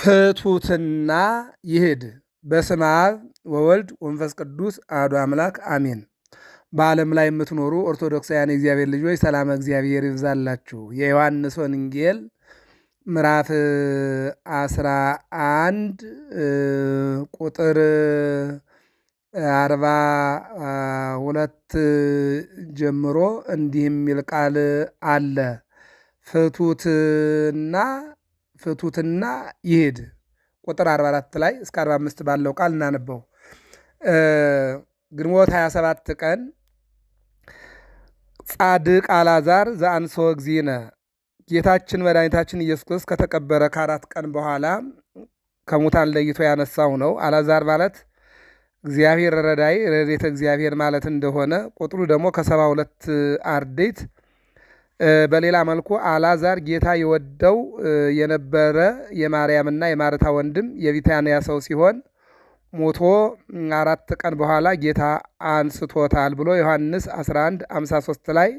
ፍቱትና ይሄድ። በስመ አብ ወወልድ ወንፈስ ቅዱስ አሐዱ አምላክ አሜን። በዓለም ላይ የምትኖሩ ኦርቶዶክሳውያን የእግዚአብሔር ልጆች ሰላም እግዚአብሔር ይብዛላችሁ። የዮሐንስ ወንጌል ምዕራፍ 11 ቁጥር 42 ጀምሮ እንዲህ የሚል ቃል አለ ፍቱትና ፍቱትና ይሄድ ቁጥር 44 ላይ እስከ 45 ባለው ቃል እናነበው። ግንቦት 27 ቀን ጻድቅ አላዛር ዘአንሶ እግዚእነ ጌታችን መድኃኒታችን ኢየሱስ ክርስቶስ ከተቀበረ ከአራት ቀን በኋላ ከሙታን ለይቶ ያነሳው ነው። አላዛር ማለት እግዚአብሔር ረዳይ ረድኤተ እግዚአብሔር ማለት እንደሆነ ቁጥሩ ደግሞ ከሰባ ሁለት አርዴት በሌላ መልኩ አላዛር ጌታ የወደው የነበረ የማርያምና የማርታ ወንድም የቢታንያ ሰው ሲሆን ሞቶ አራት ቀን በኋላ ጌታ አንስቶታል ብሎ ዮሐንስ 11 53 ላይ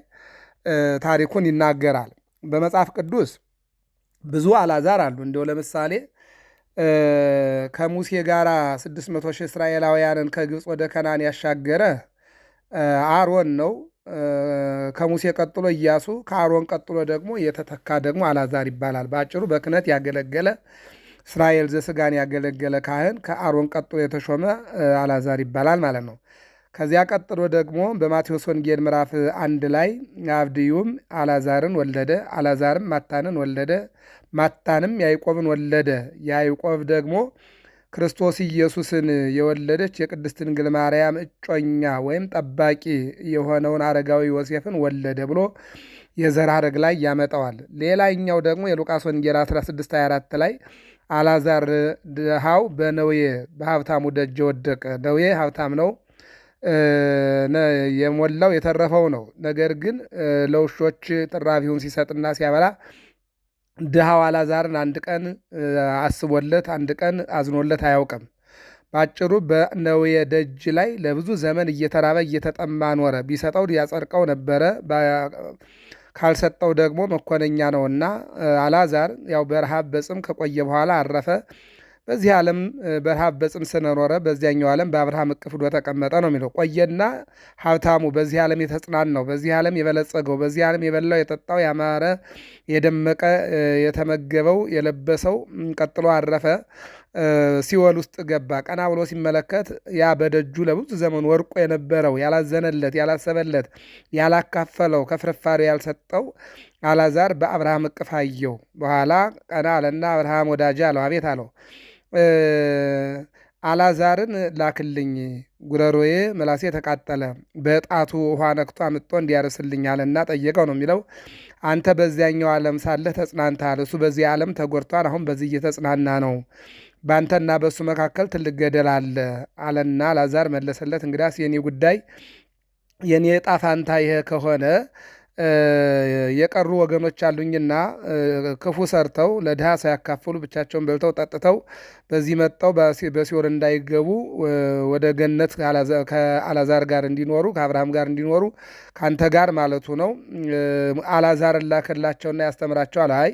ታሪኩን ይናገራል። በመጽሐፍ ቅዱስ ብዙ አላዛር አሉ። እንደው ለምሳሌ ከሙሴ ጋር 600 ሺህ እስራኤላውያንን ከግብፅ ወደ ከናን ያሻገረ አሮን ነው። ከሙሴ ቀጥሎ እያሱ ከአሮን ቀጥሎ ደግሞ የተተካ ደግሞ አላዛር ይባላል። በአጭሩ በክነት ያገለገለ እስራኤል ዘስጋን ያገለገለ ካህን ከአሮን ቀጥሎ የተሾመ አላዛር ይባላል ማለት ነው። ከዚያ ቀጥሎ ደግሞ በማቴዎስ ወንጌል ምዕራፍ አንድ ላይ አብድዩም አላዛርን ወለደ፣ አላዛርም ማታንን ወለደ፣ ማታንም ያይቆብን ወለደ፣ ያይቆብ ደግሞ ክርስቶስ ኢየሱስን የወለደች የቅድስት ድንግል ማርያም እጮኛ ወይም ጠባቂ የሆነውን አረጋዊ ዮሴፍን ወለደ ብሎ የዘር ሐረግ ላይ ያመጣዋል። ሌላኛው ደግሞ የሉቃስ ወንጌል 1624 ላይ አላዛር ድሃው በነዌ በሀብታሙ ደጅ ወደቀ። ነዌ ሀብታም ነው የሞላው የተረፈው ነው። ነገር ግን ለውሾች ጥራቢውን ሲሰጥና ሲያበላ ድሃው አላዛርን አንድ ቀን አስቦለት አንድ ቀን አዝኖለት አያውቅም። ባጭሩ በነዌ ደጅ ላይ ለብዙ ዘመን እየተራበ እየተጠማ ኖረ። ቢሰጠው ያጸድቀው ነበረ፣ ካልሰጠው ደግሞ መኮነኛ ነውና። አላዛር ያው በረሃብ በጽም ከቆየ በኋላ አረፈ። በዚህ ዓለም በረሃብ በጽም ስነኖረ በዚያኛው ዓለም በአብርሃም እቅፍ ዶ ተቀመጠ ነው የሚለው። ቆየና ሀብታሙ በዚህ ዓለም የተጽናናው በዚህ ዓለም የበለጸገው በዚህ ዓለም የበላው የጠጣው ያማረ የደመቀ የተመገበው የለበሰው ቀጥሎ አረፈ። ሲወል ውስጥ ገባ። ቀና ብሎ ሲመለከት ያ በደጁ ለብዙ ዘመን ወርቆ የነበረው ያላዘነለት፣ ያላሰበለት፣ ያላካፈለው ከፍርፋሪ ያልሰጠው አላዛር በአብርሃም እቅፍ አየው። በኋላ ቀና አለና አብርሃም ወዳጅ አለው። አቤት አለው። አላዛርን ላክልኝ ጉረሮዬ መላሴ ተቃጠለ፣ በጣቱ ውሃ ነክቶ አምጦ እንዲያርስልኝ አለና ጠየቀው ነው የሚለው። አንተ በዚያኛው ዓለም ሳለህ ተጽናንተሃል፣ እሱ በዚህ ዓለም ተጎድቷል። አሁን በዚህ እየተጽናና ነው። በአንተና በእሱ መካከል ትልቅ ገደል አለ አለና አላዛር መለሰለት። እንግዳስ የኔ ጉዳይ የኔ ዕጣ ፋንታ ይሄ ከሆነ የቀሩ ወገኖች አሉኝና ክፉ ሰርተው ለድሃ ሳያካፍሉ ብቻቸውን በልተው ጠጥተው በዚህ መጥተው በሲኦል እንዳይገቡ ወደ ገነት ከአላዛር ጋር እንዲኖሩ ከአብርሃም ጋር እንዲኖሩ ከአንተ ጋር ማለቱ ነው። አላዛር ላከላቸውና ያስተምራቸዋል። አይ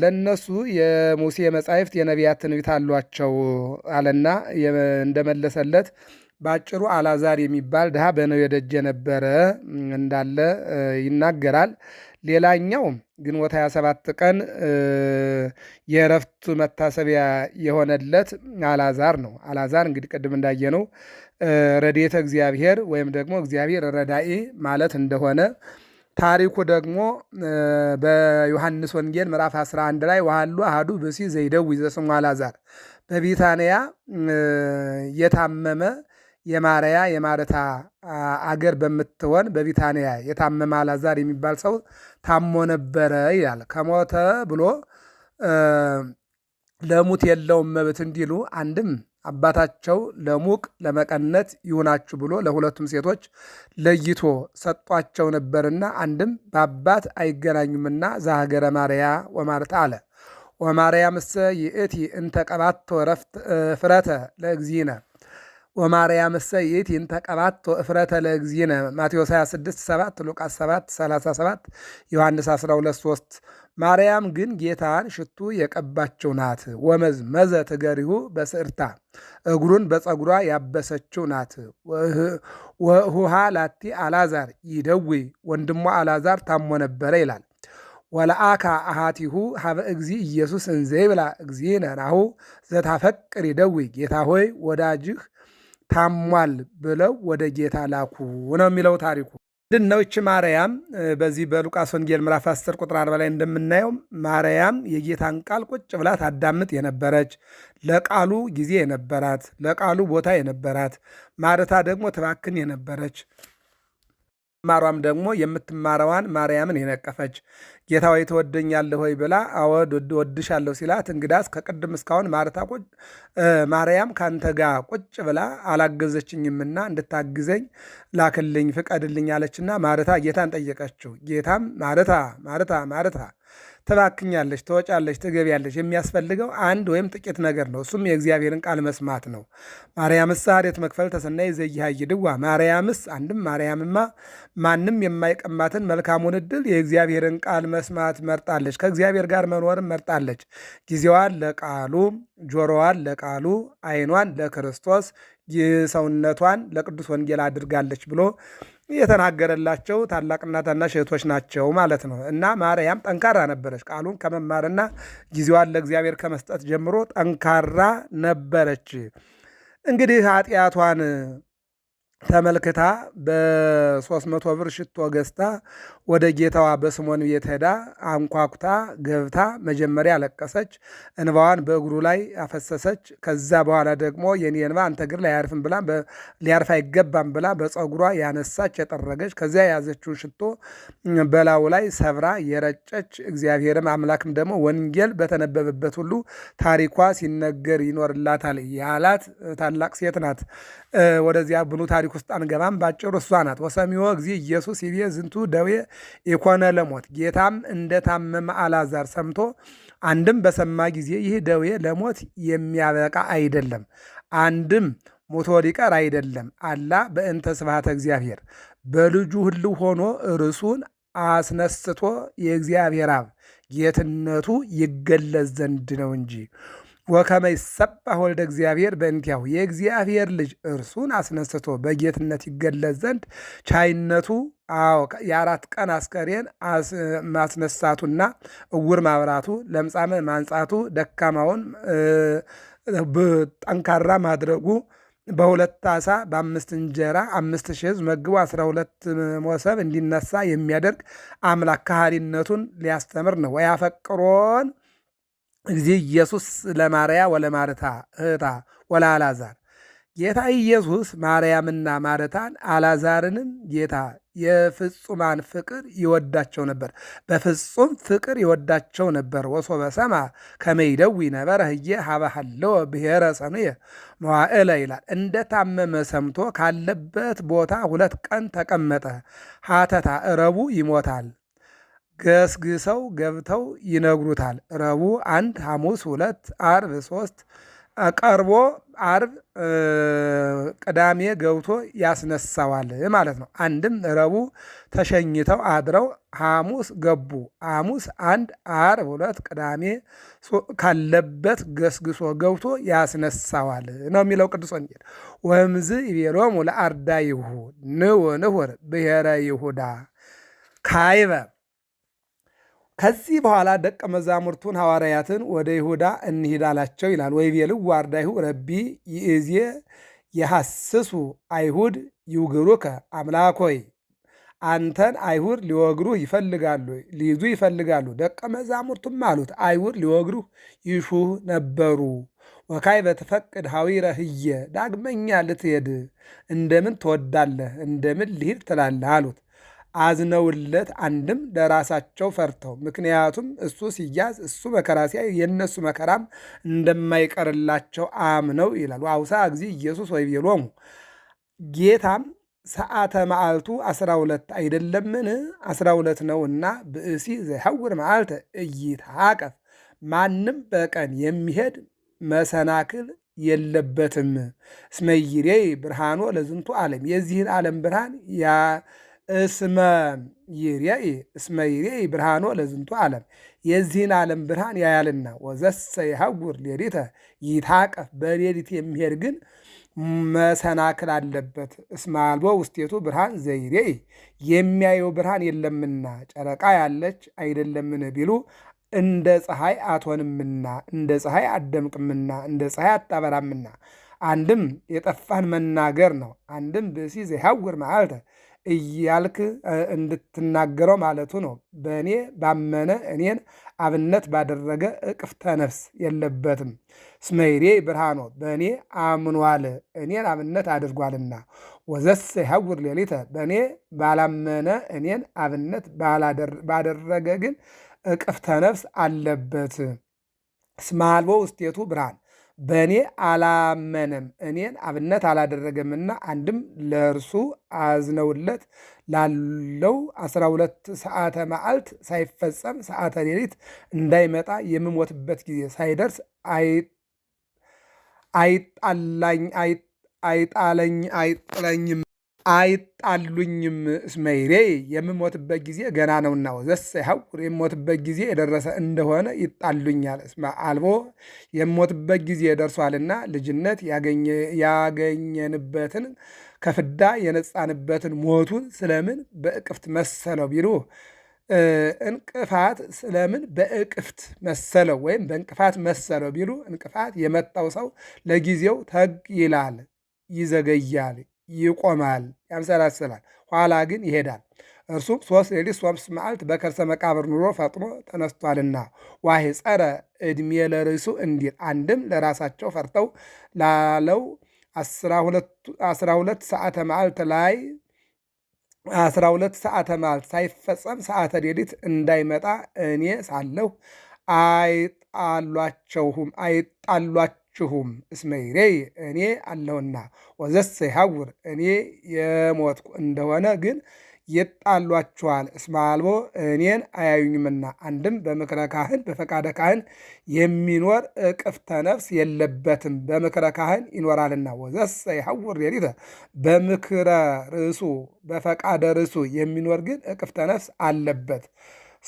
ለእነሱ የሙሴ መጻሕፍት የነቢያት ትንቢት አሏቸው አለና እንደመለሰለት ባጭሩ አላዛር የሚባል ድሃ በነው የደጀ ነበረ እንዳለ ይናገራል። ሌላኛው ግንቦት 27 ቀን የእረፍቱ መታሰቢያ የሆነለት አላዛር ነው። አላዛር እንግዲህ ቅድም እንዳየነው ረድኤተ እግዚአብሔር ወይም ደግሞ እግዚአብሔር ረዳኤ ማለት እንደሆነ ታሪኩ ደግሞ በዮሐንስ ወንጌል ምዕራፍ 11 ላይ ወሃሉ አህዱ ብእሲ ዘይደውይ ዘስሙ አላዛር በቢታንያ የታመመ የማርያ የማረታ አገር በምትሆን በቢታንያ የታመመ አልዓዛር የሚባል ሰው ታሞ ነበረ ይላል። ከሞተ ብሎ ለሙት የለውም መብት እንዲሉ አንድም አባታቸው ለሙቅ ለመቀነት ይሁናችሁ ብሎ ለሁለቱም ሴቶች ለይቶ ሰጧቸው ነበርና አንድም በአባት አይገናኙምና ዘሀገረ ማርያ ወማርታ አለ ወማርያ ምሰ ይእቲ እንተቀባቶ ፍረተ ለእግዚእነ ወማርያም እሰይት ይንተቀባቶ እፍረተ ለእግዚእነ ማቴዎስ 26 7 ሉቃስ 7 37 ዮሐንስ 12 3 ማርያም ግን ጌታን ሽቱ የቀባችው ናት። ወመዝ መዘ ትገሪሁ በስዕርታ እግሩን በፀጉሯ ያበሰችው ናት። ወሁሃ ላቲ አላዛር ይደዊ ወንድሞ አላዛር ታሞ ነበረ ይላል። ወለአካ አሃቲሁ ሀበ እግዚ ኢየሱስ እንዘ ይብላ እግዚእነ ናሁ ዘታፈቅር ይደዊ ጌታ ሆይ ወዳጅህ ታሟል ብለው ወደ ጌታ ላኩ ነው የሚለው ታሪኩ። ምንድን ነው ይቺ ማርያም? በዚህ በሉቃስ ወንጌል ምዕራፍ 10 ቁጥር 40 ላይ እንደምናየው ማርያም የጌታን ቃል ቁጭ ብላ ታዳምጥ የነበረች ለቃሉ ጊዜ የነበራት ለቃሉ ቦታ የነበራት ማርታ ደግሞ ትባክን የነበረች ማሯም ደግሞ የምትማረዋን ማርያምን የነቀፈች ጌታ ወይ ትወደኛለህ ሆይ ብላ አወድ ወድሻለሁ ሲላት፣ እንግዳስ ከቅድም እስካሁን ማርታ ማርያም ካንተ ጋር ቁጭ ብላ አላገዘችኝምና እንድታግዘኝ ላክልኝ ፍቀድልኝ አለችና ማርታ ጌታን ጠየቀችው። ጌታም ማርታ ማርታ ማርታ ትባክኛለች፣ ትወጫለች፣ ትገቢያለች። የሚያስፈልገው አንድ ወይም ጥቂት ነገር ነው። እሱም የእግዚአብሔርን ቃል መስማት ነው። ማርያምስ መክፈል ተሰናይ ዘይሃይ ድዋ ማርያምስ፣ አንድም ማርያምማ ማንም የማይቀማትን መልካሙን እድል የእግዚአብሔርን ቃል መስማት መርጣለች። ከእግዚአብሔር ጋር መኖርም መርጣለች። ጊዜዋን ለቃሉ፣ ጆሮዋን ለቃሉ፣ አይኗን ለክርስቶስ ሰውነቷን ለቅዱስ ወንጌል አድርጋለች ብሎ የተናገረላቸው ታላቅና ታናሽ እህቶች ናቸው ማለት ነው። እና ማርያም ጠንካራ ነበረች። ቃሉን ከመማርና ጊዜዋን ለእግዚአብሔር ከመስጠት ጀምሮ ጠንካራ ነበረች። እንግዲህ ኃጢአቷን ተመልክታ በሦስት መቶ ብር ሽቶ ገዝታ ወደ ጌታዋ በስሞን ቤት ሄዳ አንኳኩታ ገብታ መጀመሪያ አለቀሰች። እንባዋን በእግሩ ላይ አፈሰሰች። ከዛ በኋላ ደግሞ የኔ እንባ አንተ እግር ላይ አያርፍም ብላ ሊያርፍ አይገባም ብላ በፀጉሯ ያነሳች የጠረገች፣ ከዚያ የያዘችውን ሽቶ በላዩ ላይ ሰብራ የረጨች። እግዚአብሔርም አምላክም ደግሞ ወንጌል በተነበበበት ሁሉ ታሪኳ ሲነገር ይኖርላታል ያላት ታላቅ ሴት ናት። ወደዚያ ብሉ ታሪክ ውስጥ አንገባም። ባጭሩ እሷ ናት። ወሰሚዎ እግዚእ ኢየሱስ ይቤ ዝንቱ ደዌ ኢኮነ ለሞት። ጌታም እንደታመመ አላዛር ሰምቶ አንድም በሰማ ጊዜ ይህ ደዌ ለሞት የሚያበቃ አይደለም፣ አንድም ሞቶ ሊቀር አይደለም። አላ በእንተ ስብሐተ እግዚአብሔር በልጁ ሁሉ ሆኖ ርሱን አስነስቶ የእግዚአብሔር አብ ጌትነቱ ይገለጽ ዘንድ ነው እንጂ ወከመ ይሰባሕ ወልደ እግዚአብሔር በእንቲአሁ የእግዚአብሔር ልጅ እርሱን አስነስቶ በጌትነት ይገለጽ ዘንድ ቻይነቱ የአራት ቀን አስከሬን ማስነሳቱና እውር ማብራቱ፣ ለምጻመ ማንጻቱ፣ ደካማውን ጠንካራ ማድረጉ በሁለት አሳ በአምስት እንጀራ አምስት ሺህ ሕዝብ መግቦ አስራ ሁለት መሶብ እንዲነሳ የሚያደርግ አምላክ ካህሪነቱን ሊያስተምር ነው። ወያፈቅሮን እግዚ ኢየሱስ ለማርያ ወለማርታ እህታ ወለአልዓዛር ጌታ ኢየሱስ ማርያምና ማርታን አላዛርንም ጌታ የፍጹማን ፍቅር ይወዳቸው ነበር፣ በፍጹም ፍቅር ይወዳቸው ነበር። ወሶ በሰማ ከመይደዊ ነበረ ህየ ሀበሃለወ ብሔረ ሰኑየ መዋዕለ ይላል። እንደ ታመመ ሰምቶ ካለበት ቦታ ሁለት ቀን ተቀመጠ። ሀተታ እረቡ ይሞታል። ገስግሰው ገብተው ይነግሩታል። ረቡዕ አንድ፣ ሐሙስ ሁለት፣ አርብ ሶስት ቀርቦ አርብ ቅዳሜ ገብቶ ያስነሳዋል ማለት ነው። አንድም ረቡዕ ተሸኝተው አድረው ሐሙስ ገቡ። ሐሙስ አንድ፣ ዓርብ ሁለት፣ ቅዳሜ ካለበት ገስግሶ ገብቶ ያስነሳዋል ነው የሚለው ቅዱስ ወንጌል። ወምዝ ይቤሎሙ ለአርዳይሁ ንውንሁር ብሔረ ይሁዳ ካይበብ ከዚህ በኋላ ደቀ መዛሙርቱን ሐዋርያትን ወደ ይሁዳ እንሂድ አላቸው ይላል። ወይቤልው ዋርዳይሁ ረቢ ይእዜ የሐስሱ አይሁድ ይውግሩከ ሆይ አንተን አይሁድ ሊወግሩህ ይፈልጋሉ፣ ሊይዙ ይፈልጋሉ። ደቀ መዛሙርቱም አሉት አይሁድ ሊወግሩህ ይሹህ ነበሩ። ወካይ በተፈቅድ ሐዊረ ህየ ዳግመኛ ልትሄድ እንደምን ትወዳለህ? እንደምን ልሂድ ትላለህ? አሉት አዝነውለት አንድም ለራሳቸው ፈርተው፣ ምክንያቱም እሱ ሲያዝ እሱ መከራ ሲያ የእነሱ መከራም እንደማይቀርላቸው አምነው ይላል። አውሳ እግዚ ኢየሱስ ወይ ቤሎሙ ጌታም ሰዓተ መዓልቱ አስራ ሁለት አይደለምን? አስራ ሁለት ነውና ብእሲ ዘይሐውር መዓልተ ኢይትዓቀፍ ማንም በቀን የሚሄድ መሰናክል የለበትም። እስመ ብርሃኖ ለዝንቱ ዓለም የዚህን ዓለም ብርሃን እስመ ይርኤ እስመ ይርኤ ብርሃኖ ለዝንቱ ዓለም የዚህን ዓለም ብርሃን ያያልና ወዘሰ የሐጉር ሌሊተ ይታቀፍ በሌሊት የሚሄድ ግን መሰናክል አለበት። እስመ አልቦ ውስቴቱ ብርሃን ዘይርኤ የሚያየው ብርሃን የለምና ጨረቃ ያለች አይደለምን ቢሉ እንደ ፀሐይ አትሆንምና እንደ ፀሐይ አትደምቅምና እንደ ፀሐይ አታበራምና አንድም የጠፋን መናገር ነው። አንድም ብእሲ ዘይሐውር መዓልተ እያልክ እንድትናገረው ማለቱ ነው። በእኔ ባመነ እኔን አብነት ባደረገ እቅፍተ ነፍስ የለበትም። ስመይሬ ብርሃኖ በእኔ አምኗል እኔን አብነት አድርጓልና። ወዘሰ ሀውር ሌሊተ በእኔ ባላመነ እኔን አብነት ባደረገ ግን እቅፍተ ነፍስ አለበት። ስማልቦ ውስጤቱ ብርሃን በእኔ አላመነም፣ እኔን አብነት አላደረገምና አንድም ለእርሱ አዝነውለት ላለው አስራ ሁለት ሰዓተ መዓልት ሳይፈጸም ሰዓተ ሌሊት እንዳይመጣ የምሞትበት ጊዜ ሳይደርስ አይጣለኝ አይጣለኝ አይጥለኝም። አይጣሉኝም እስመይሬ የምሞትበት ጊዜ ገና ነውና ወዘሰ ይሐውር የምሞትበት ጊዜ የደረሰ እንደሆነ ይጣሉኛል። እስመ አልቦ የምሞትበት ጊዜ ደርሷልና ልጅነት ያገኘንበትን ከፍዳ የነጻንበትን ሞቱን ስለምን በእቅፍት መሰለው ቢሉ እንቅፋት ስለምን በእቅፍት መሰለው ወይም በእንቅፋት መሰለው ቢሉ እንቅፋት የመታው ሰው ለጊዜው ተግ ይላል፣ ይዘገያል ይቆማል፣ ያንሰላስላል፣ ኋላ ግን ይሄዳል። እርሱም ሶስት ሌሊት ሶስት መዓልት በከርሰ መቃብር ኑሮ ፈጥኖ ተነስቷልና ዋሄ ጸረ ዕድሜ ለርእሱ እንዲል አንድም ለራሳቸው ፈርተው ላለው አስራ ሁለት ሰዓተ መዓልት ላይ አስራ ሁለት ሰዓተ መዓልት ሳይፈጸም ሰዓተ ሌሊት እንዳይመጣ እኔ ሳለሁ አይጣሏቸውም አይጣሏቸው አላችሁም እስመ ይሬይ እኔ አለውና ወዘሰ ይሐውር እኔ የሞትኩ እንደሆነ ግን ይጣሏችኋል። እስመ አልቦ እኔን አያዩኝምና። አንድም በምክረ ካህን በፈቃደ ካህን የሚኖር እቅፍተ ነፍስ የለበትም በምክረ ካህን ይኖራልና። ወዘሰ ይሐውር ሌሊተ በምክረ ርሱ በፈቃደ ርሱ የሚኖር ግን እቅፍተ ነፍስ አለበት።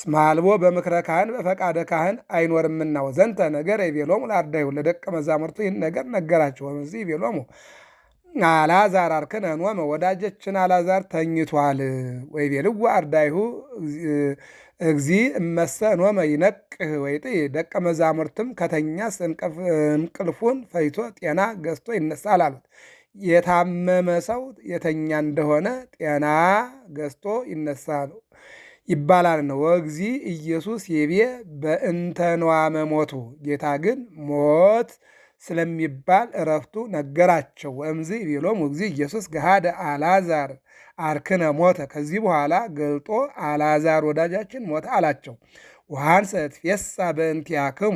ስማልቦ በምክረ ካህን በፈቃደ ካህን አይኖርምና ወዘንተ ነገር ይቤሎሙ ለአርዳዩ ለደቀ መዛሙርቱ ይህን ነገር ነገራቸው። በምዚ ይቤሎሙ አላዛር አርክነ ኖመ ወዳጀችን አላዛር ተኝቷል። ወይቤልዎ አርዳይሁ እግዚ እመሰ ኖመ ይነቅህ ወይጥ ደቀ መዛሙርትም ከተኛስ እንቅልፉን ፈይቶ ጤና ገዝቶ ይነሳል አሉት። የታመመ ሰው የተኛ እንደሆነ ጤና ገዝቶ ይነሳል። ይባላል ነው። ወግዚ ኢየሱስ ይቤ በእንተኗ መሞቱ ጌታ ግን ሞት ስለሚባል እረፍቱ ነገራቸው። ወእምዝ ቢሎም ወግዚ ኢየሱስ ገሃደ አልዓዛር አርክነ ሞተ፣ ከዚህ በኋላ ገልጦ አልዓዛር ወዳጃችን ሞተ አላቸው። ወሐንሰት ፌሳ በእንቲአክሙ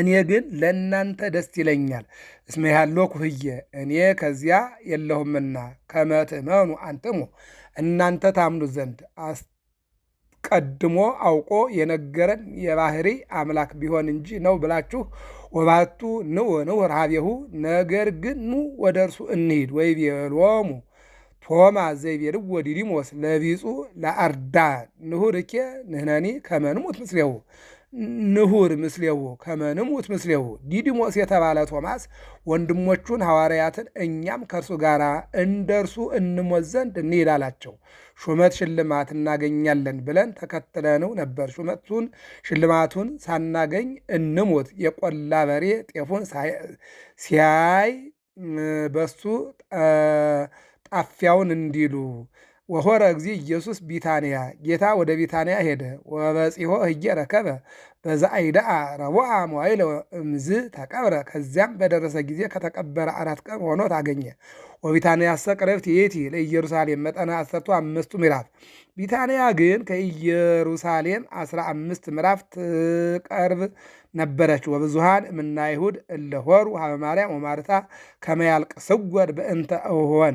እኔ ግን ለእናንተ ደስ ይለኛል። እስመ ያሎኩ ኩህየ እኔ ከዚያ የለሁምና ከመ ትእመኑ አንትሙ እናንተ ታምኑ ዘንድ ቀድሞ አውቆ የነገረን የባህሪ አምላክ ቢሆን እንጂ ነው ብላችሁ ወባቱ ንዑ ንዑ ረሃቤሁ ነገር ግን ኑ ወደ እርሱ እንሂድ ወይ ወይቤሎሙ ቶማ ዘይቤልዎ ወዲዲሞስ ለቢጹ ለአርዳ ንሁርኬ ንህነኒ ከመንሙት ንሙት ምስሌሁ ንሁር ምስሌው ከመንሙት ምስሌው ዲዲሞስ የተባለ ቶማስ ወንድሞቹን ሐዋርያትን እኛም ከእርሱ ጋር እንደ እርሱ እንሞት ዘንድ እንሂድ አላቸው። ሹመት ሽልማት እናገኛለን ብለን ተከትለነው ነበር። ሹመቱን ሽልማቱን ሳናገኝ እንሞት። የቆላ በሬ ጤፉን ሲያይ በሱ ጣፊያውን እንዲሉ ወሆረ እግዚ ኢየሱስ ቢታንያ ጌታ ወደ ቢታንያ ሄደ። ወበፂሆ ህየ ረከበ በዛአይዳአ ረቡአ መዋዕለ እምዝ ተቀብረ። ከዚያም በደረሰ ጊዜ ከተቀበረ አራት ቀን ሆኖ ታገኘ ወቢታንያ ሰቅረብት የቲ ለኢየሩሳሌም መጠነ አሰርቶ አምስቱ ምዕራፍ። ቢታንያ ግን ከኢየሩሳሌም አስራ አምስት ምዕራፍ ትቀርብ ነበረች። ወብዙሃን እምነ እለሆሩ እለ ሆሩ ወማርታ ከመያልቅ ስጎድ በእንተ እሆን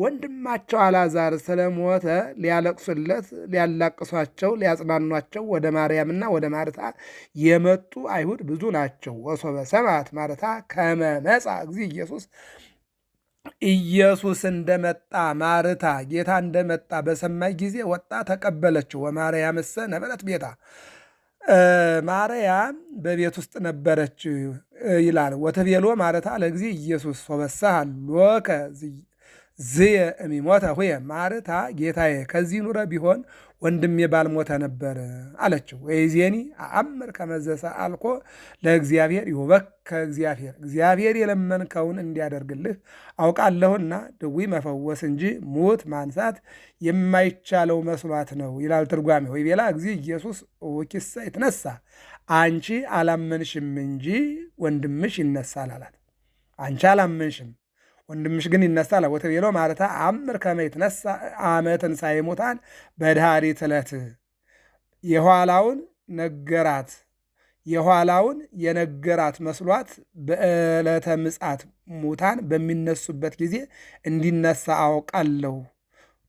ወንድማቸው አላዛር ስለሞተ ሊያለቅሱለት፣ ሊያላቅሷቸው፣ ሊያጽናኗቸው ወደ ማርያምና ወደ ማርታ የመጡ አይሁድ ብዙ ናቸው። ወሶበ ሰማዕት ማርታ ከመ መጽአ እግዚእ ኢየሱስ ኢየሱስ እንደመጣ ማርታ ጌታ እንደመጣ በሰማይ ጊዜ ወጣ ተቀበለችው። ወማርያምሰ ነበረት ቤታ ማርያም በቤት ውስጥ ነበረች ይላል። ወተቤሎ ማርታ ለጊዜ ኢየሱስ ሎከ ዝየ እሚሞተ ሁየ ማርታ ጌታዬ ከዚህ ኑረ ቢሆን ወንድሜ ባልሞተ ነበር አለችው። ወይዜኒ አምር ከመዘሰ አልኮ ለእግዚአብሔር ይሁበክ ከእግዚአብሔር እግዚአብሔር የለመንከውን እንዲያደርግልህ አውቃለሁና ድዊ መፈወስ እንጂ ሙት ማንሳት የማይቻለው መስሏት ነው ይላል ትርጓሜ። ወይ ቤላ እግዚ ኢየሱስ ወኪሳ ይትነሳ አንቺ አላመንሽም እንጂ ወንድምሽ ይነሳል አላት። አንቺ አላመንሽም ወንድምሽ ግን ይነሳል አቦ ተቤሎ ማርታ አምር ከመ ይትነሣ አመ ትንሣኤ ሙታን በድኅሪት ዕለት የኋላውን ነገራት የኋላውን የነገራት መስሏት በዕለተ ምጻት ሙታን በሚነሱበት ጊዜ እንዲነሳ አውቃለሁ።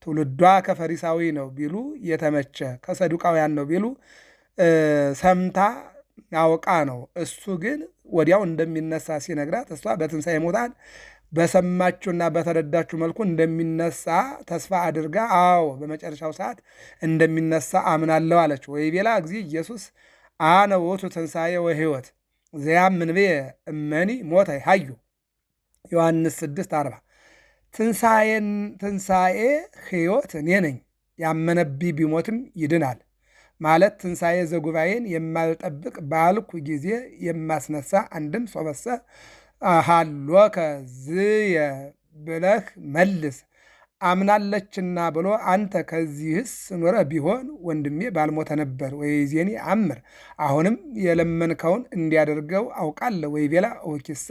ትውልዷ ከፈሪሳዊ ነው ቢሉ የተመቸ ከሰዱቃውያን ነው ቢሉ ሰምታ አውቃ ነው። እሱ ግን ወዲያው እንደሚነሳ ሲነግራት እሷ በትንሣኤ ሙታን በሰማችሁና በተረዳችሁ መልኩ እንደሚነሳ ተስፋ አድርጋ አዎ በመጨረሻው ሰዓት እንደሚነሳ አምናለሁ አለች። ወይ ቤላ እግዚ ኢየሱስ አነ ውእቱ ትንሣኤ ወሕይወት ዘያምን ምንቤ እመኒ ሞተ ሀዩ ዮሐንስ 6 40 ትንሣኤን ትንሣኤ ሕይወት እኔ ነኝ ያመነቢ ቢሞትም ይድናል ማለት ትንሣኤ ዘጉባኤን የማልጠብቅ ባልኩ ጊዜ የማስነሳ አንድም ሶበሰ ሀሎከ ዝየ ብለህ መልስ አምናለችና ብሎ አንተ ከዚህስ ኖረ ቢሆን ወንድሜ ባልሞተ ነበር። ወይ ዜኒ አምር አሁንም የለመንከውን እንዲያደርገው አውቃለሁ። ወይ ቤላ ወኪሰ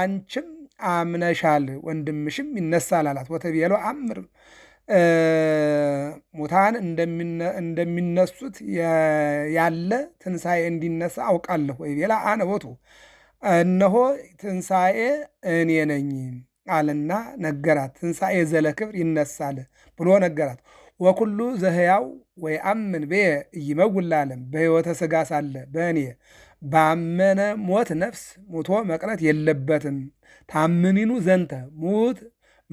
አንችም አምነሻል ወንድምሽም ይነሳል አላት። ወተቤሎ አምር ሙታን እንደሚነሱት ያለ ትንሣኤ እንዲነሳ አውቃለሁ። ወይ ቤላ አነ ቦቱ እነሆ ትንሣኤ እኔ ነኝ አለና ነገራት። ትንሣኤ ዘለ ክብር ይነሳል ብሎ ነገራት። ወኩሉ ዘህያው ወይ አምን በየ እይመውላለም በሕይወተ ሥጋ ሳለ በእኔ ባመነ ሞት ነፍስ ሙቶ መቅረት የለበትም። ታምኒኑ ዘንተ ሙት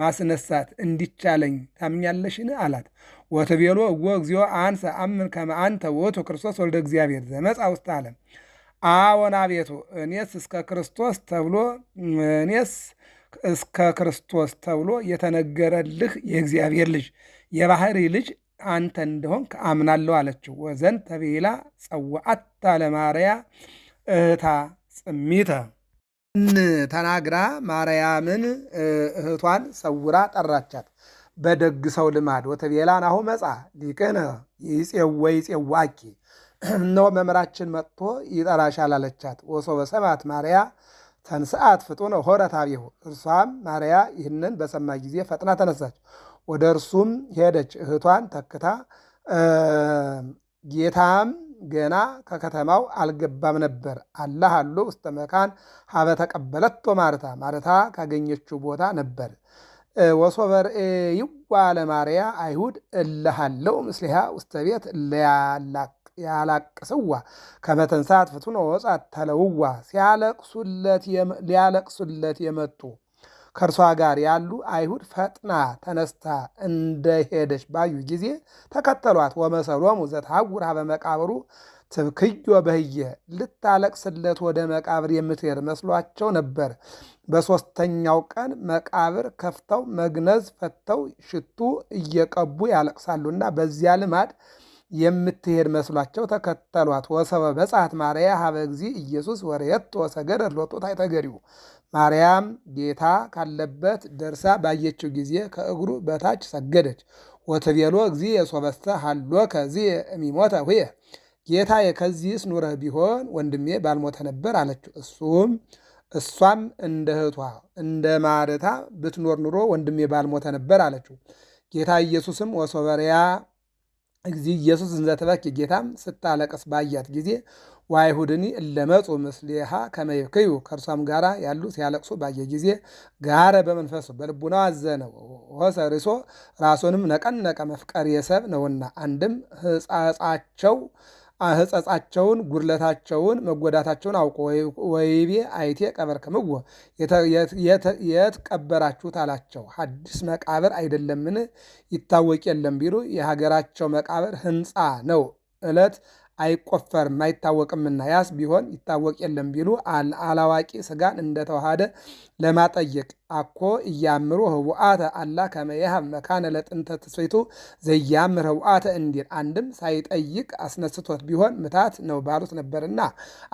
ማስነሳት እንዲቻለኝ ታምኛለሽን? አላት። ወትቤሎ እጎ እግዚኦ አንሰ አምን ከመ አንተ ውእቱ ክርስቶስ ወልደ እግዚአብሔር ዘመጽአ ውስጥ ዓለም አዎን አቤቱ እኔስ እስከ ክርስቶስ ተብሎ እኔስ እስከ ክርስቶስ ተብሎ የተነገረልህ የእግዚአብሔር ልጅ የባህሪ ልጅ አንተ እንደሆንክ አምናለሁ አለችው። ወዘን ተቤላ ጸዋአታ ለማርያ እህታ ጽሚተ ተናግራ ማርያምን እህቷን ሰውራ ጠራቻት። በደግ ሰው ልማድ ወተቤላ ናሁ መጻ ሊቅነ ይፄወ ይፄዋኪ እነሆ መምህራችን መጥቶ ይጠራሻል አለቻት። ወሶ ሰማት ማርያ ተንስአት ፍጡነ ሆረት አብሁ። እርሷም ማርያ ይህንን በሰማ ጊዜ ፈጥና ተነሳች፣ ወደ እርሱም ሄደች፣ እህቷን ተክታ። ጌታም ገና ከከተማው አልገባም ነበር። አላህ አሉ ውስተ መካን ሀበ ተቀበለቶ ማርታ ማርታ ካገኘችው ቦታ ነበር። ወሶበ ይዋለ ማርያ አይሁድ እለሃለው ምስሊሃ ውስተ ቤት እለያላክ ያላቅስዋ ከመተንሳት ፍቱነ ወጻት ተለውዋ ሊያለቅሱለት የመጡ ከእርሷ ጋር ያሉ አይሁድ ፈጥና ተነስታ እንደሄደች ባዩ ጊዜ ተከተሏት። ወመሰሎሙ ዘትሐውር ኀበ ትብክዮ በህየ ልታለቅስለት ወደ መቃብር የምትሄድ መስሏቸው ነበር። በሦስተኛው ቀን መቃብር ከፍተው መግነዝ ፈተው ሽቱ እየቀቡ ያለቅሳሉና በዚያ ልማድ የምትሄድ መስሏቸው ተከተሏት። ወሰበ በጻት ማርያ ሀበ እግዚ ኢየሱስ ወሬት ወሰገድ ሎጦ ታይተገሪው ማርያም ጌታ ካለበት ደርሳ ባየችው ጊዜ ከእግሩ በታች ሰገደች። ወትቤሎ እግዚ የሶበስተ ሀሎ ከዚ የሚሞተ ሁየ ጌታ ከዚህስ ኑረህ ቢሆን ወንድሜ ባልሞተ ነበር አለችው። እሱም እሷም እንደ እህቷ እንደ ማርታ ብትኖር ኑሮ ወንድሜ ባልሞተ ነበር አለችው። ጌታ ኢየሱስም ወሶበሪያ እግዚ ኢየሱስ እንዘትበኪ ጌታም ስታለቅስ ባያት ጊዜ ወአይሁድኒ እለመጹ ምስሌሃ ከመ ይብክዩ ከእርሷም ጋር ያሉ ሲያለቅሱ ባየ ጊዜ ጋረ በመንፈሱ በልቡናው አዘነ ርሶ ራሱንም ነቀነቀ መፍቀር የሰብ ነውና አንድም ሕጻጻቸው ሕጸጻቸውን ጉድለታቸውን መጎዳታቸውን አውቆ ወይቤ አይቴ ቀበር ከምዎ የት ቀበራችሁት አላቸው። ሐዲስ መቃብር አይደለምን ይታወቅ የለም ቢሉ የሀገራቸው መቃብር ህንፃ ነው። እለት አይቆፈርም አይታወቅምና ያስ ቢሆን ይታወቅ የለም ቢሉ አላዋቂ ስጋን እንደተዋሃደ ለማጠየቅ አኮ እያምሩ ህቡአተ አላ ከመየሃብ መካነ ለጥንተ ትስፌቱ ዘያምር ህቡአተ እንዲል አንድም ሳይጠይቅ አስነስቶት ቢሆን ምታት ነው ባሉት ነበርና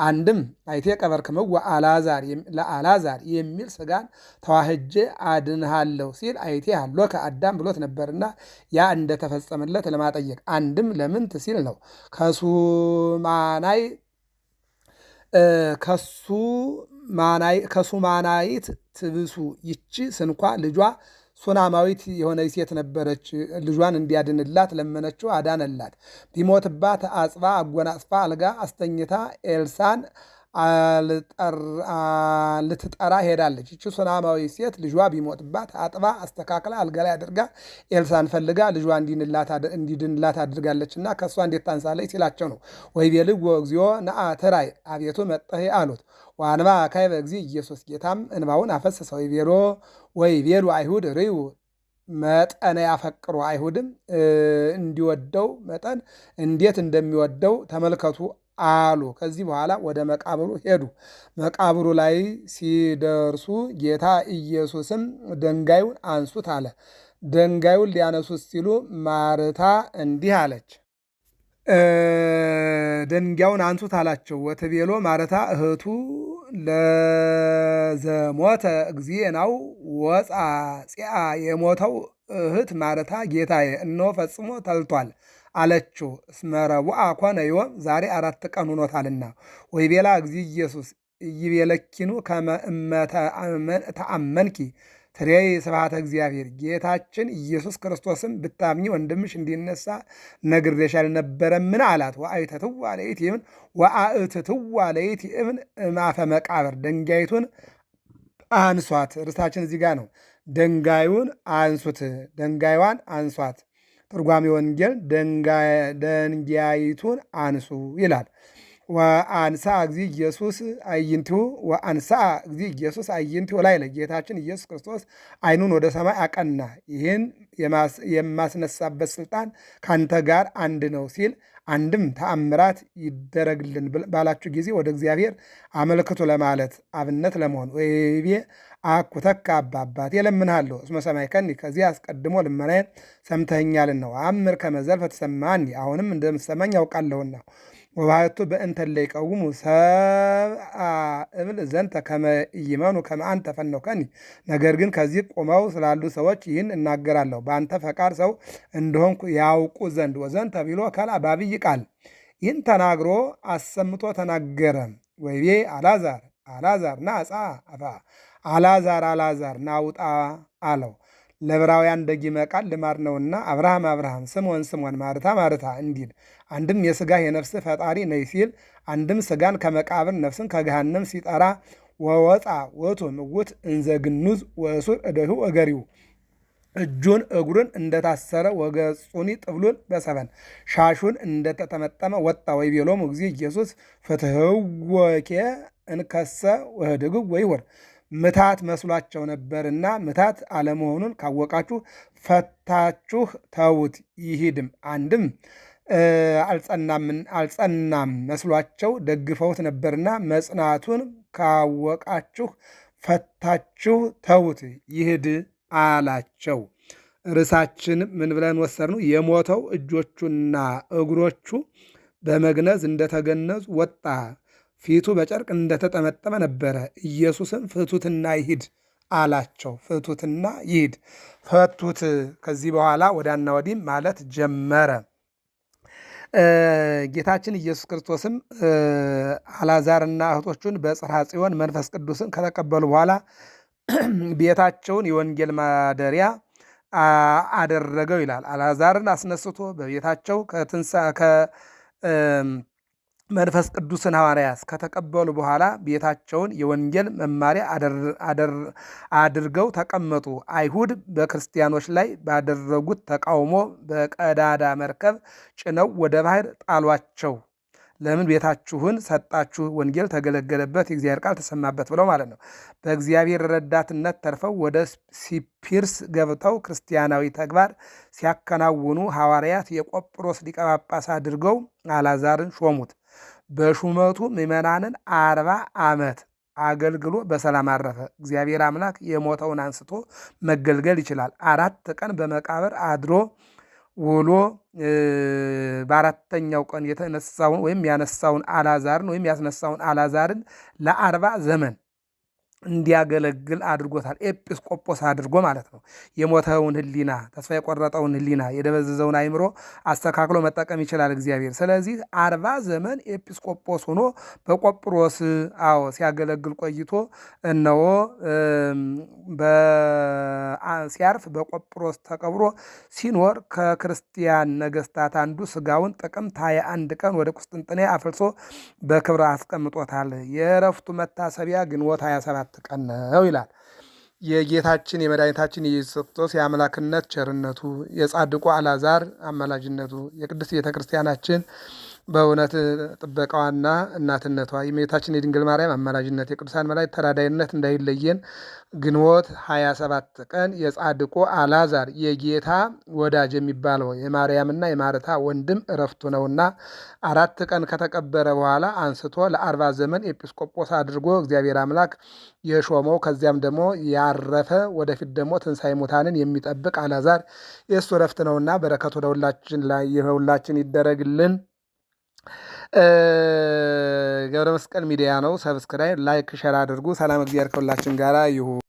አንድም አይቴ ቀበርክምዋ አላዛር ለአላዛር የሚል ስጋን ተዋህጄ አድንሃለሁ ሲል አይቴ አሎ ከአዳም ብሎት ነበርና ያ እንደተፈጸመለት ለማጠየቅ አንድም ለምንት ሲል ነው ከሱ ማናይ ከሱ ማናይ ከሱ ማናይት ትብሱ ይቺ ስንኳ ልጇ ሱናማዊት የሆነ ሴት ነበረች። ልጇን እንዲያድንላት ለመነችው፣ አዳነላት። ቢሞትባት አጽባ አጎናጽፋ አልጋ አስተኝታ ኤልሳን ልትጠራ ሄዳለች። እቺ ሱናማዊ ሴት ልጇ ቢሞትባት አጥባ አስተካክላ አልጋ ላይ አድርጋ ኤልሳን ፈልጋ ልጇ እንዲድንላት እና ከእሷ እንዴት ታንሳለች ሲላቸው ነው። ወይ ወይቤልዎ እግዚኦ ትራይ አቤቱ መጠሄ አሉት። ዋንባ አካይበ እግዚ ኢየሱስ ጌታም እንባውን አፈሰሰ። ወይ ቤሉ አይሁድ ርዩ መጠነ ያፈቅሩ አይሁድም እንዲወደው መጠን እንዴት እንደሚወደው ተመልከቱ አሉ። ከዚህ በኋላ ወደ መቃብሩ ሄዱ። መቃብሩ ላይ ሲደርሱ ጌታ ኢየሱስም ድንጋዩን አንሱት አለ። ድንጋዩን ሊያነሱት ሲሉ ማርታ እንዲህ አለች፣ ድንጋዩን አንሱት አላቸው። ወትቤሎ ማርታ እህቱ ለዘሞተ እግዚእናው ወፃ ጽአ የሞተው እህት ማርታ ጌታዬ እነሆ ፈጽሞ ተልቷል አለችው። እስመረቡአ ኮነ ዮም ዛሬ አራት ቀን ሆኖታልና። ወይ ቤላ እግዚ ኢየሱስ ይቤለኪኑ ከመ እመ ተአመንኪ ትሬይ ስብሐተ እግዚአብሔር። ጌታችን ኢየሱስ ክርስቶስም ብታምኚ ወንድምሽ እንዲነሳ ነግሬሻል ነበረምን አላት። ወአይተትዋ ለኢቲምን ወአእትትዋ ለኢቲምን እማፈ መቃብር ድንጋይቱን አንሷት። ርስታችን እዚህ ጋር ነው። ድንጋዩን አንሱት፣ ድንጋይዋን አንሷት ትርጓሜ ወንጌል ደንጋይቱን አንሱ ይላል። ወአንሳ እግዚ ኢየሱስ አይንቲሁ ወአንሳ እግዚ ኢየሱስ አይንቲሁ ላይ ለጌታችን ኢየሱስ ክርስቶስ አይኑን ወደ ሰማይ አቀና፣ ይህን የማስነሳበት ስልጣን ካንተ ጋር አንድ ነው ሲል አንድም ተአምራት ይደረግልን ባላችሁ ጊዜ ወደ እግዚአብሔር አመልክቱ ለማለት አብነት ለመሆን ወይቤ አኩተካ አባ አባቴ እለምንሃለሁ እስመ ከኒ ከዚህ አስቀድሞ ልመናዬን ነው አምር ከመዘልፈ ተሰማኒ አሁንም እንደምሰማኝ ያውቃለሁና ወባሕቱ በእንተ እለ ይቀውሙ ሰብአ እብል ዘንተ ከመ ኢይመኑ ከመ አንተ ፈነውከኒ። ነገር ግን ከዚህ ቆመው ስላሉ ሰዎች ይህን እናገራለሁ በአንተ ፈቃድ ሰው እንደሆንኩ ያውቁ ዘንድ። ወዘንተ ቢሎ ከልአ በዐቢይ ቃል ይህን ተናግሮ አሰምቶ ተናገረ። ወይቤ አልዓዛር አልዓዛር ና አጽአ አፍአ፣ አልዓዛር አልዓዛር ና አለው። ለዕብራውያን ደጊመ ቃል ልማድ ነውና አብርሃም አብርሃም፣ ስምዖን ስምዖን፣ ማርታ ማርታ እንዲል አንድም የስጋ የነፍስ ፈጣሪ ነይ ሲል፣ አንድም ስጋን ከመቃብር ነፍስን ከገሃነም ሲጠራ ወወጣ ወቶ ምውት እንዘግኑዝ ግኑዝ ወእሱር እደሁ እገሪው እጁን እግሩን እንደታሰረ ወገጹኒ ጥብሉን በሰበን ሻሹን እንደተጠመጠመ ወጣ ወይ ወይቤሎሙ እግዚእ ኢየሱስ ፍትህወኬ እንከሰ ወህድግ ወይሁር ምታት መስሏቸው ነበርና ምታት አለመሆኑን ካወቃችሁ ፈታችሁ ተውት ይሂድም። አንድም አልጸናም መስሏቸው ደግፈውት ነበርና መጽናቱን ካወቃችሁ ፈታችሁ ተውት ይሂድ አላቸው። ርዕሳችን ምን ብለን ወሰድነው? የሞተው እጆቹና እግሮቹ በመግነዝ እንደተገነዙ ወጣ ፊቱ በጨርቅ እንደተጠመጠመ ነበረ። ኢየሱስም ፍቱትና ይሂድ አላቸው። ፍቱትና ይሂድ ፈቱት። ከዚህ በኋላ ወዳና ወዲህም ማለት ጀመረ። ጌታችን ኢየሱስ ክርስቶስም አላዛርና እህቶቹን በጽርሐ ጽዮን መንፈስ ቅዱስን ከተቀበሉ በኋላ ቤታቸውን የወንጌል ማደሪያ አደረገው ይላል። አላዛርን አስነስቶ በቤታቸው መንፈስ ቅዱስን ሐዋርያስ ከተቀበሉ በኋላ ቤታቸውን የወንጌል መማሪያ አድርገው ተቀመጡ። አይሁድ በክርስቲያኖች ላይ ባደረጉት ተቃውሞ በቀዳዳ መርከብ ጭነው ወደ ባህር ጣሏቸው። ለምን ቤታችሁን ሰጣችሁ? ወንጌል ተገለገለበት፣ የእግዚአብሔር ቃል ተሰማበት ብለው ማለት ነው። በእግዚአብሔር ረዳትነት ተርፈው ወደ ሲፒርስ ገብተው ክርስቲያናዊ ተግባር ሲያከናውኑ ሐዋርያት የቆጵሮስ ሊቀ ጳጳስ አድርገው አላዛርን ሾሙት። በሹመቱ ምመናንን አርባ ዓመት አገልግሎ በሰላም አረፈ። እግዚአብሔር አምላክ የሞተውን አንስቶ መገልገል ይችላል። አራት ቀን በመቃብር አድሮ ውሎ በአራተኛው ቀን የተነሳውን ወይም ያነሳውን አላዛርን ወይም ያስነሳውን አላዛርን ለአርባ ዘመን እንዲያገለግል አድርጎታል። ኤጲስቆጶስ አድርጎ ማለት ነው። የሞተውን ህሊና ተስፋ የቆረጠውን ህሊና የደበዘዘውን አይምሮ አስተካክሎ መጠቀም ይችላል እግዚአብሔር። ስለዚህ አርባ ዘመን ኤጲስቆጶስ ሆኖ በቆጵሮስ አዎ ሲያገለግል ቆይቶ እነሆ ሲያርፍ በቆጵሮስ ተቀብሮ ሲኖር ከክርስቲያን ነገስታት አንዱ ስጋውን ጥቅምት ሃያ አንድ ቀን ወደ ቁስጥንጥኔ አፍልሶ በክብር አስቀምጦታል። የእረፍቱ መታሰቢያ ግንቦት 27 ሰባት ቀን ነው ይላል። የጌታችን የመድኃኒታችን የኢየሱስ ክርስቶስ የአምላክነት ቸርነቱ፣ የጻድቁ አላዛር አማላጅነቱ፣ የቅድስት ቤተ ክርስቲያናችን በእውነት ጥበቃዋና እናትነቷ የእመቤታችን የድንግል ማርያም አማላጅነት የቅዱሳን መላእክት ተራዳይነት እንዳይለየን። ግንቦት 27 ቀን የጻድቁ አላዛር የጌታ ወዳጅ የሚባለው የማርያምና የማርታ ወንድም እረፍቱ ነውና አራት ቀን ከተቀበረ በኋላ አንስቶ ለአርባ ዘመን ኤጲስቆጶስ አድርጎ እግዚአብሔር አምላክ የሾመው ከዚያም ደግሞ ያረፈ ወደፊት ደግሞ ትንሣኤ ሙታንን የሚጠብቅ አላዛር የእሱ እረፍት ነውና በረከቱ ለሁላችን ላይ ይደረግልን። ገብረ መስቀል ሚዲያ ነው። ሰብስክራይብ፣ ላይክ፣ ሸር አድርጉ። ሰላም እግዚአብሔር ከሁላችን ጋር ይሁን።